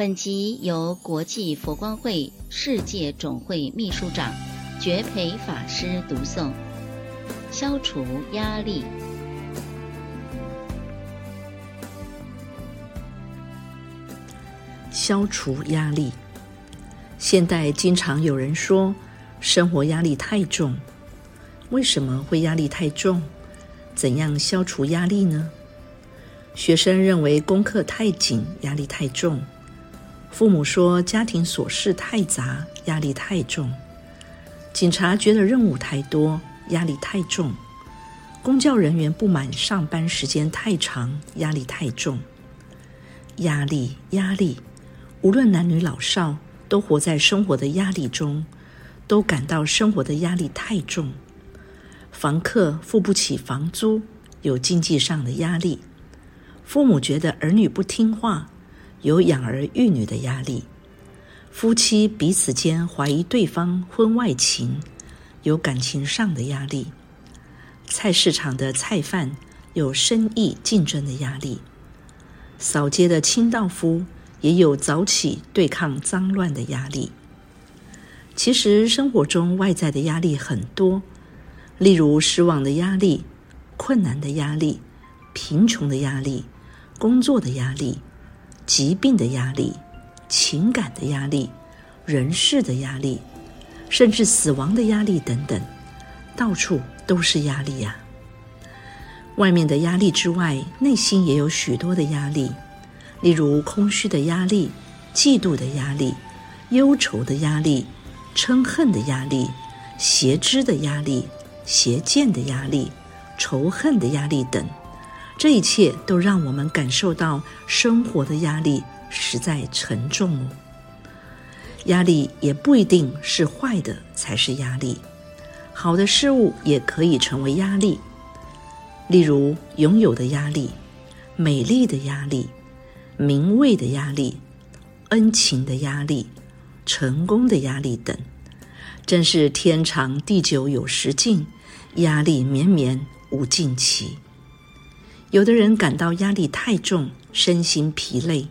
本集由國際佛光會世界總會秘書長覺培法師讀誦。消除壓力，消除壓力。現代經常有人說，生活壓力太重。為什麼會壓力太重？怎樣消除壓力呢？學生認為功課太緊，壓力太重。父母說家庭瑣事太雜，壓力太重；警察覺得任務太多，壓力太重；公教人員不滿上班時間太長，壓力太重。壓力，壓力！無論男女老少，都活在生活的壓力中，都感到生活的壓力太重。房客付不起房租，有經濟上的壓力。父母覺得兒女不聽話，有養兒育女的壓力，夫妻彼此間懷疑對方婚外情，有感情上的壓力；菜市場的菜販有生意競爭的壓力，掃街的清道夫也有早起對抗髒亂的壓力。其實生活中外在的壓力很多，例如失望的壓力、困難的壓力、貧窮的壓力、工作的壓力，疾病的壓力、情感的壓力、人事的壓力，甚至死亡的壓力等等，到處都是壓力呀。外面的壓力之外，內心也有許多的壓力，例如空虛的壓力、嫉妒的壓力、憂愁的壓力、嗔恨的壓力、邪知的壓力、邪見的壓力、仇恨的壓力等。這一切都讓我們感受到生活的壓力實在沉重。壓力也不一定是壞的才是壓力，好的事物也可以成為壓力。例如，擁有的壓力、美麗的壓力、名位的壓力、恩情的壓力、成功的壓力等，真是天長地久有時盡，壓力綿綿無盡期。有的人感到壓力太重，身心疲累；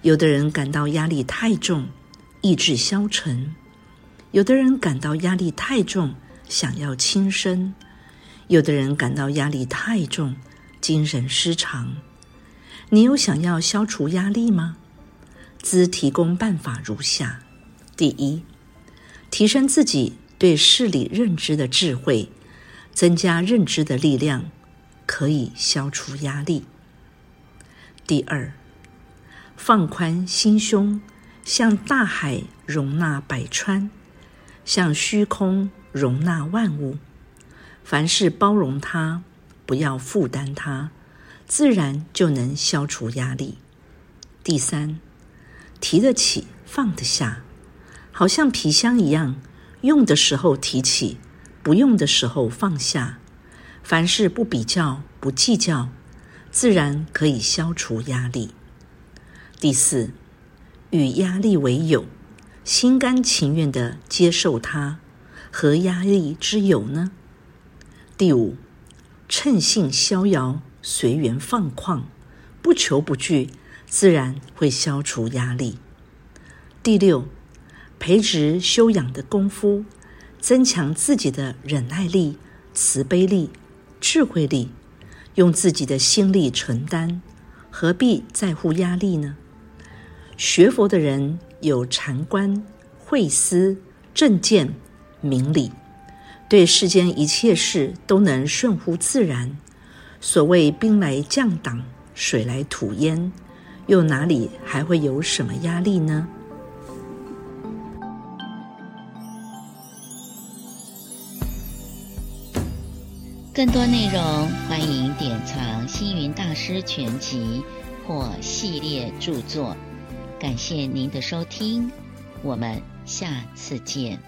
有的人感到壓力太重，意志消沉；有的人感到壓力太重，想要輕生；有的人感到壓力太重，精神失常。你有想要消除壓力嗎？茲提供辦法如下：第一，提升自己對事理認知的智慧，增加認知的力量。可以消除壓力。第二，放寬心胸，像大海容納百川，像虛空容納萬物，凡事包容它，不要負擔它，自然就能消除壓力。第三，提得起放得下，好像皮箱一樣，用的時候提起，不用的時候放下。凡事不比較，不計較，自然可以消除壓力。第四，與壓力為友，心甘情願地接受它，何壓力之有呢？第五，趁興逍遙，隨緣放曠，不求不懼，自然會消除壓力。第六，培植修養的功夫，增強自己的忍耐力、慈悲力。智慧力，用自己的心力承擔，何必在乎壓力呢？學佛的人有禪觀、慧思、正見、明理，對世間一切事都能順乎自然。所謂兵來將擋，水來土掩，又哪裡還會有什麼壓力呢？更多內容，歡迎典藏《星雲大師全集》或系列著作。感謝您的收聽，我們下次見。